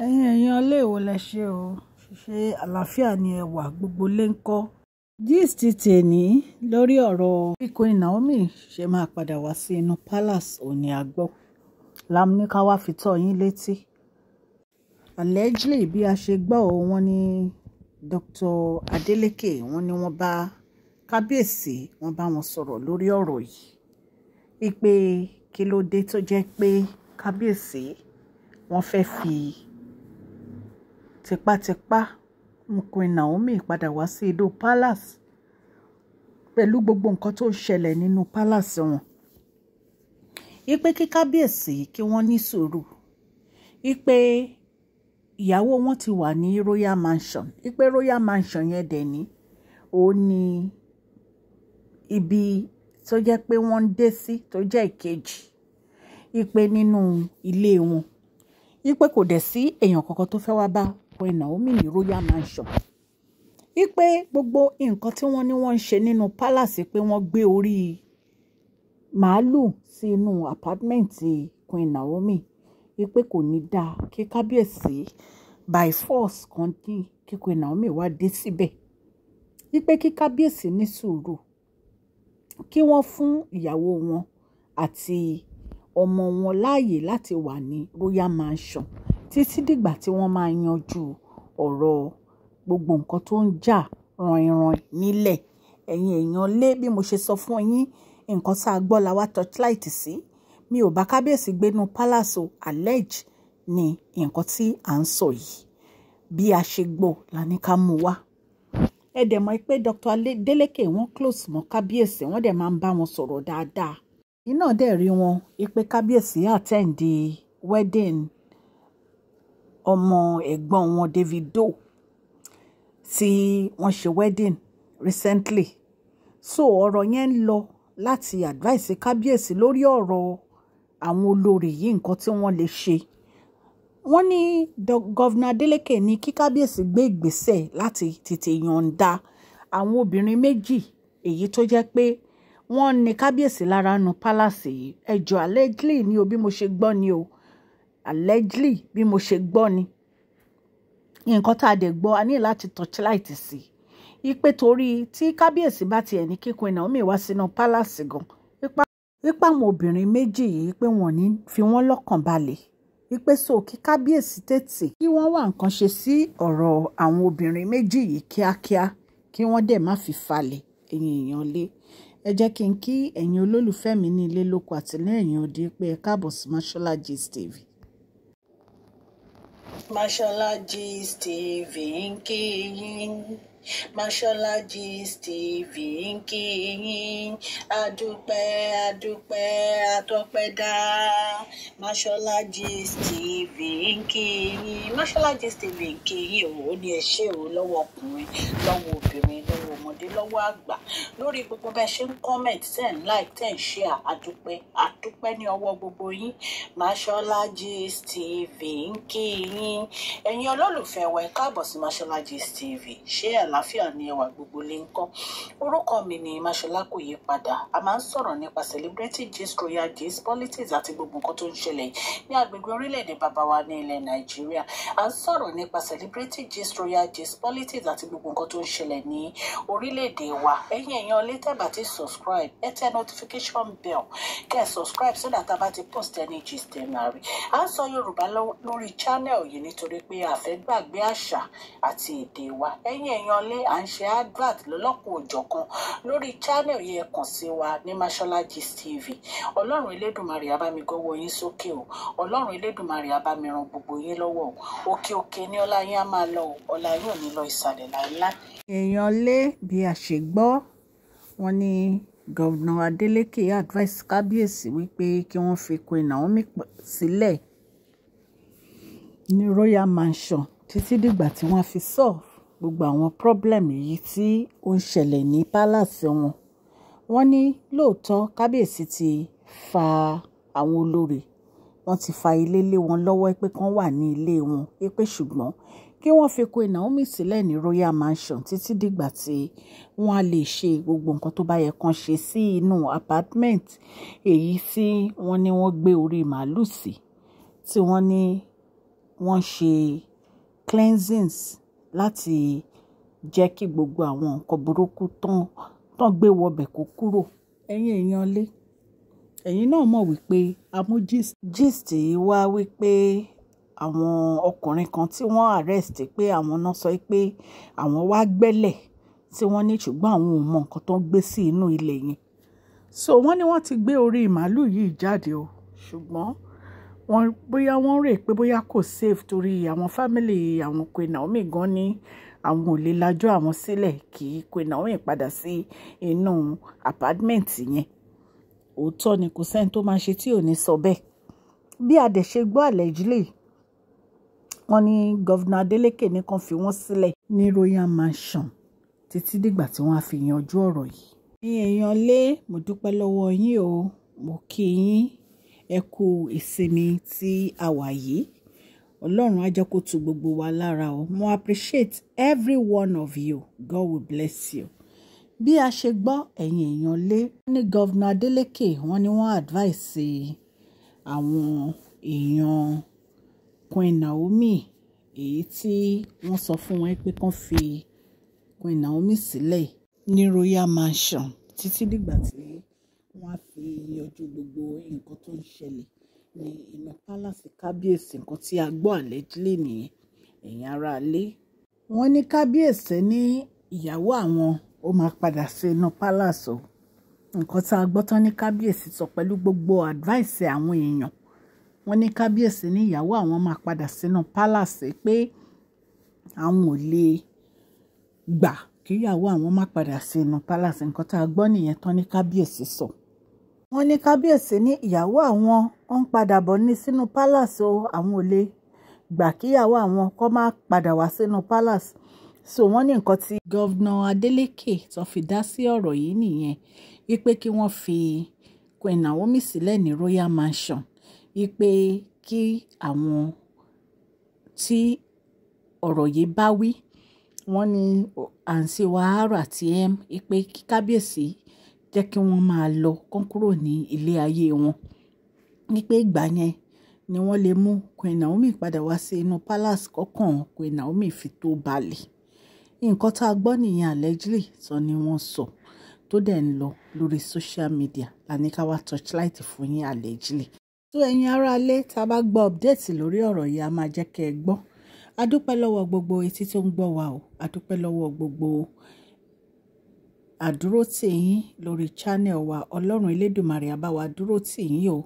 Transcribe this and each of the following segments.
ẹ̀yin ẹ̀yin ọlé èwo lẹ ṣe o ṣe àlàáfíà ni ẹ wà gbogbo lé ń kọ́ gist tèní lórí ọ̀rọ̀ bí Naomi ṣe máa padà wá sí inú palace òní àgbọ̀ lámúníká wá fi tọ́ yín létí allegedly bí a ṣe gbọ́ ọ wọ́n ní Dr. Adeleke wọ́n ní wọ́n bá kábíyèsí wọ́n bá wọn sọ̀rọ̀ lórí ọ̀rọ̀ yìí wípé kí ló dé tó jẹ́ pé kábíyèsí wọ́n fẹ́ fi tipátipá mú Queen Naomi padà wá sí inú palace pẹ̀lú gbogbo nǹkan tó ń ṣẹlẹ̀ nínú palace wọn ipe kí kábíyèsí kí wọ́n ní sùúrù ipe ìyàwó wọn ti wà ní royal mansion ipe royal mansion yẹn dẹ̀ ní òun ni ibi tó jẹ́ pé wọ́n ń dé sí tó jẹ́ ìkejì ipe nínú ilé wọn ipe kò dẹ̀ sí èèyàn kankan tó fẹ́ wá bá Queen Naomi ní royal mansion wípé gbogbo nǹkan tí wọ́n ní wọ́n ń ṣe nínú palace pé wọ́n gbé orí màálù sí inú apartment Queen Naomi wípé kò ní dáa kí kábíyèsí by force kan dín kí Queen Naomi wá dé síbẹ̀ wípé kí kábíyèsí ní sùúrù kí wọ́n fún ìyàwó wọn àti ọmọ wọn láàyè láti wà ní royal mansion títí dìgbà tí wọ́n máa yanjú ọ̀rọ̀ gbogbo nǹkan tó ń jà rànìràn nílẹ̀ ẹ̀yin èèyàn lé bí mo ṣe sọ fún yín nǹkan tá a gbọ́ la wá torchlight sí mi ò bá kábíyèsí gbénu palace o allege ni nǹkan tí à ń sọ yìí bí a ṣe gbọ́ la ní ká mú wá ẹ dẹ̀ mọ̀ pé Dr. Adeleke wọ́n close mọ́ kábíyèsí wọ́n dẹ̀ máa ń bá wọn sọ̀rọ̀ dáadáa iná dẹ̀ rí wọn ipe kábíyèsí àtẹ̀ǹdì wedding ọmọ ẹ̀gbọ́n wọn Davido tí wọ́n ṣe wedding recently so ọ̀rọ̀ yẹn ń lọ láti advice kábíyèsí lórí ọ̀rọ̀ àwọn olórí yìí nǹkan tí wọ́n lè ṣe wọ́n ní gọ́vnà Adeleke ní kí kábíyèsí gbé ìgbésẹ̀ láti tètè yọ̀ǹda àwọn obìnrin méjì èyí tó jẹ́ pé wọ́n ní kábíyèsí lára nu pálásì yìí ẹjọ́ allegedly ní o bí mo ṣe gbọ́ ni o allegedly bí mo ṣe gbọ́ ni nǹkan tá a dẹ̀ gbọ́ a ní láti torchlight sí i ipe torí tí kábíyèsí bá tiẹ̀ ní kíkún iná mi wá sínú pálásì gan ipa àwọn obìnrin méjì yìí pé wọ́n ní fi wọ́n lọ́kàn balẹ̀ ipe so kí kábíyèsí tètè kí wọ́n wá nǹkan ṣe sí ọ̀rọ̀ àwọn obìnrin méjì yìí kíákíá kí wọ́n dẹ̀ má fi falẹ̀ ẹ̀yin èèyàn lé ẹ jẹ́ kí n kí ẹ̀yin olólùfẹ́ mi ní ilé lóko àtìlẹ́yìn òde pé ẹ káàbọ̀ sí Mashola Gist TV Mashallah, Jeez, Stephen King. Mashola Gist TV ń kí yín adúpẹ́ adúpẹ́ atọ́pẹ́dá Mashola Gist TV ń kí yín Mashola Gist TV ń kí yín òun ni ẹ ṣe òun lọ́wọ́ ọkùnrin lọ́wọ́ obìnrin lọ́wọ́ ọmọdé lọ́wọ́ àgbà lórí gbogbo bẹ́ẹ̀ ṣe ń comment tẹ̀ ń like tẹ̀ ń share adúpẹ́ adúpẹ́ ní ọwọ́ gbogbo yín Mashola Gist TV ń kí yín ẹ̀yin olólùfẹ́ wa ẹ káàbọ̀ sí Mashola Gist TV share àlàáfíà ni ẹwà gbogbo lè ń kọ́ orúkọ mi ni Máṣọlá yí padà a máa ń sọ̀rọ̀ nípa celebrity gist royal gist politics àti gbogbo nǹkan tó ń ṣẹlẹ̀ ní agbègbè orílẹ̀-èdè bàbá ní ilẹ̀ Nàìjíríà a ń sọ̀rọ̀ nípa celebrity gist royal gist politics àti gbogbo nǹkan tó ń ṣẹlẹ̀ ní orílẹ̀-èdè wa ẹ̀yin èèyàn lè tẹ̀bà tí subscribe ẹ tẹ notification bell kẹ́ ẹ subscribe so that a bá ti post ẹni gist ẹ̀ a ń sọ Yorùbá lórí channel yìí nítorí pé a fẹ́ gbàgbé àṣà àti èdè wa ẹ̀yin èèyàn lé à ń ṣe advert lọ́lọ́kùn òjọ̀kan lórí channel yẹn kàn sí wa ní mashola tv ọlọ́run elédùnmarè abámi gọ́wọ́ yín sókè o ọlọ́run elédùnmarè abámi ran gbogbo yín lọ́wọ́ o òkè òkè ní ọlá yín á máa lọ o ọlá yín ò ní lọ ìsàlẹ̀ láíláí. èèyàn lé bí a ṣe gbọ́ wọn ní gọ̀vnà adeleke advice kábíyèsí wípé kí wọ́n fi Queen Naomi sílẹ̀ ní royal mansion títí dìgbà tí wọ́n fi solve gbogbo àwọn problem yìí tí ó ń ṣẹlẹ̀ ní palace wọn wọ́n ní lóòótọ́ kábíyèsí ti fa àwọn olórí wọ́n ti fa ilé lé wọn lọ́wọ́ pé kán wà ní ilé wọn pé ṣùgbọ́n kí wọ́n fi Queen Naomi sílẹ̀ ní royal mansion títí dìgbà tí wọ́n á lè ṣe gbogbo nǹkan tó bá yẹ kán ṣe sí inú apartment èyí tí wọ́n ní wọ́n gbé orí màálù sí tí wọ́n ní wọ́n ṣe cleansings láti jẹ́ kí gbogbo àwọn nǹkan burúkú tán tán gbé wọbẹ̀ kó kúrò ẹ̀yin èèyàn lé ẹ̀yin náà mọ̀ wípé amú gist yìí wá wípé àwọn ọkùnrin kan tí wọ́n arrest pé àwọn náà sọ pé àwọn wá gbẹ́lẹ̀ tí wọ́n ní ṣùgbọ́n àwọn ò mọ nǹkan tó ń gbé sí inú ilẹ̀ yẹn so wọ́n ní wọ́n ti gbé orí màálù yìí jáde o ṣùgbọ́n wọ́n bóyá wọ́n rè pé bóyá kò safe torí àwọn fámìlì àwọn Queen Naomi gan ni àwọn ò lè lajọ àwọn sílẹ̀ kí Queen Naomi padà sí inú apartment yẹn òótọ́ ni kò sẹ́ni tó máa ṣe tí ò ní sọ bẹ́ẹ̀ bí adẹ̀ ṣe gbọ́ allegedly wọ́n ní gọ́vnà Adeleke nìkan fi wọ́n sílẹ̀ ní Royal Mansion títí dìgbà tí wọ́n á fi yanjú ọ̀rọ̀ yìí. ẹ̀yin èèyàn lé mo dúpẹ́ lọ́wọ́ yín o mo kí yín ẹ kú ìsinmi tí a wà yìí ọlọ́run á jẹ́ gbogbo wa lára o mo appreciate every one of you God will bless you bí a ṣe gbọ́ ẹ̀yin èèyàn lé ní gọ́vnà Adeleke wọ́n ní wọ́n advice àwọn èèyàn Queen Naomi èyí tí wọ́n sọ fún wọn pé kán fi Queen Naomi sílẹ̀ ní Royal Mansion títí dìgbà tí wọ́n á fi yanjú gbogbo nǹkan tó ń ṣẹlẹ̀ ní inú pálásì kábíyèsí nǹkan tí a gbọ́ àlẹ́jílẹ̀ nìyẹn ẹ̀yin ará ilé. wọ́n ní kábíyèsí ní ìyàwó àwọn ó máa padà sí inú pálásì o nǹkan tá a gbọ́ tán ní kábíyèsí sọ pẹ̀lú gbogbo advice àwọn èèyàn wọ́n ní kábíyèsí ní ìyàwó àwọn máa padà sínú pálásì pé àwọn ò lè gbà kíyàwó àwọn má padà sínú pálásì nǹkan tá a gbọ́ nìyẹn tán ní kábíyèsí sọ. So wọ́n ní kábíyèsí ní ìyàwó àwọn ó ń padà bọ̀ ní sínú palace o àwọn ò lè gbà kíyàwó àwọn kó má padà wá sínú palace so wọ́n ní nǹkan tí gọ́vnà Adeleke tó fi dá sí ọ̀rọ̀ yìí nìyẹn wípé kí wọ́n fi Queen Naomi sílẹ̀ ní Royal Mansion wípé kí àwọn tí ọ̀rọ̀ yìí bá wí wọ́n ní àǹsí wàhálà tí ẹ̀ ń kí kábíyèsí jẹ́ kí wọ́n máa lọ kán kúrò ní ilé ayé wọn. Wípé ìgbà yẹn ni wọ́n lè mú Queen Naomi padà wá sí inú palace kọ́kàn Queen Naomi fi tó balẹ̀. Nǹkan tá a gbọ́ nìyẹn allegedly tán ni wọ́n sọ tó dẹ̀ ń lọ lórí social media la ní ká wá torchlight fún yín allegedly. tó ẹ̀yin aráalé tá a bá gbọ́ update lórí ọ̀rọ̀ yìí a máa jẹ́ kẹ́ ẹ gbọ́. adúpẹ́ lọ́wọ́ gbogbo etí tó ń gbọ́ wa o adúpẹ́ lọ́wọ́ gbogbo àdúró tì yín lórí channel wa ọlọ́run elédùnmarè á bá wa dúró tì yín o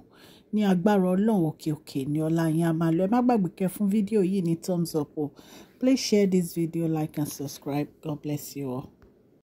ní agbára ọlọ́run òkè òkè ní ọlá yín a máa lọ ẹ má gbàgbé kẹ́ fún fídíò yìí ní thumbs up o please share this video like and subscribe god bless you all.